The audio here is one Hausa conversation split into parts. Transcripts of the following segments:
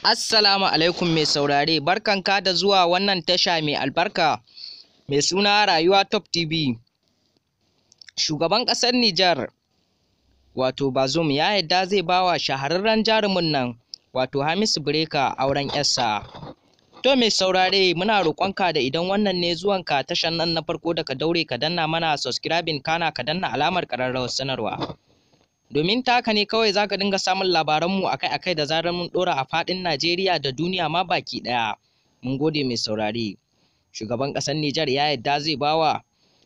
Assalamu alaikum mai saurare, barkan ka da zuwa wannan tasha mai albarka mai suna Rayuwa Top TV. Shugaban ƙasar Nijar, wato Bazoum ya yadda zai bawa shahararren jarumin nan, wato Hamisu bireka auren yasa To mai saurare muna roƙonka da idan wannan ne zuwanka tashan nan na farko da daure ka danna mana subscribing kana ka danna alamar ƙararrawar sanarwa. Domin ta haka ne kawai za ka dinga samun labaranmu a kai-a kai da zarar mun ɗora a faɗin Najeriya da duniya ma baki ɗaya. Mun gode mai saurare. Shugaban ƙasar Nijar ya yadda zai bawa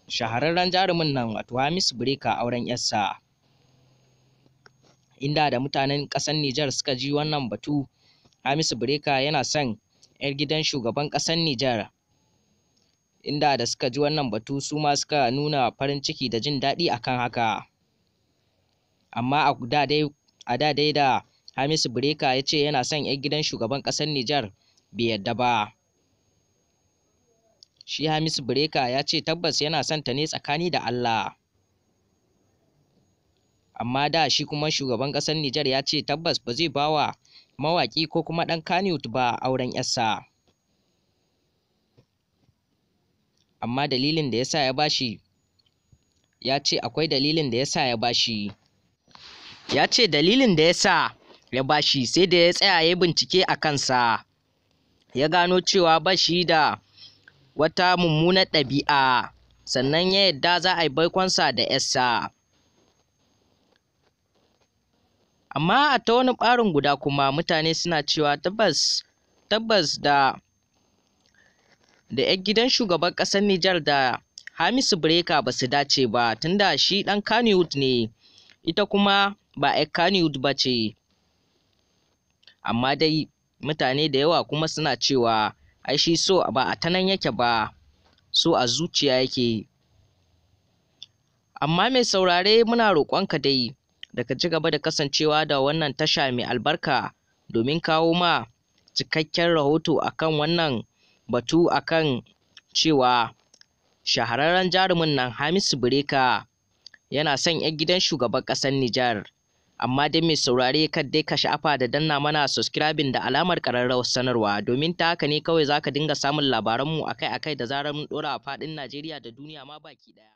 shahararren jarumin nan wato Hamisu Breka auren yarsa. Inda da mutanen ƙasar Nijar suka ji wannan batu, Hamisu Breka yana son 'yar gidan shugaban ƙasar Nijar. inda da suka ji wannan batu su ma suka nuna farin ciki da jin daɗi akan haka. amma a da dai a da dai da Hamisu Breka ya ce yana son 'yan gidan shugaban ƙasar Nijar bai yadda ba. Shi Hamisu Breka ya ce tabbas yana son ta ne tsakani da Allah. Amma da shi kuma shugaban ƙasar Nijar ya ce tabbas ba zai bawa mawaƙi ko kuma ɗan Kanut ba auren 'yarsa. Amma dalilin da ya sa ya bashi ya ce akwai dalilin da ya sa ya bashi ya ce dalilin da ya sa ya bashi sai da ya tsaya ya bincike a kansa ya gano cewa ba shi da wata mummunan ɗabi'a sannan ya yadda za a yi baikonsa da yarsa amma a ta wani ɓarin guda kuma mutane suna cewa tabbas tabbas da da 'yan gidan shugaban ƙasar Nijar da Hamisu Breka ba su dace ba tunda shi ɗan Kannywood ne ita kuma ba ‘yar Kannywood ba ce, amma dai mutane da yawa kuma suna cewa ai shi so ba a ta yake ba, so a zuciya yake. Amma mai saurare muna roƙonka dai Daga ci gaba da kasancewa da wannan tasha mai albarka domin kawo ma cikakken rahoto akan wannan batu akan cewa shahararren jarumin nan Hamisu Bireka yana son ‘yar gidan shugaban ƙasar Nijar. amma dai mai saurare kan dai ka sha'afa da danna mana subscribing da alamar ƙararrawar sanarwa domin ta haka ne kawai zaka dinga samun labaranmu akai-akai da zarar mun ɗora a faɗin Najeriya da duniya ma baki ɗaya.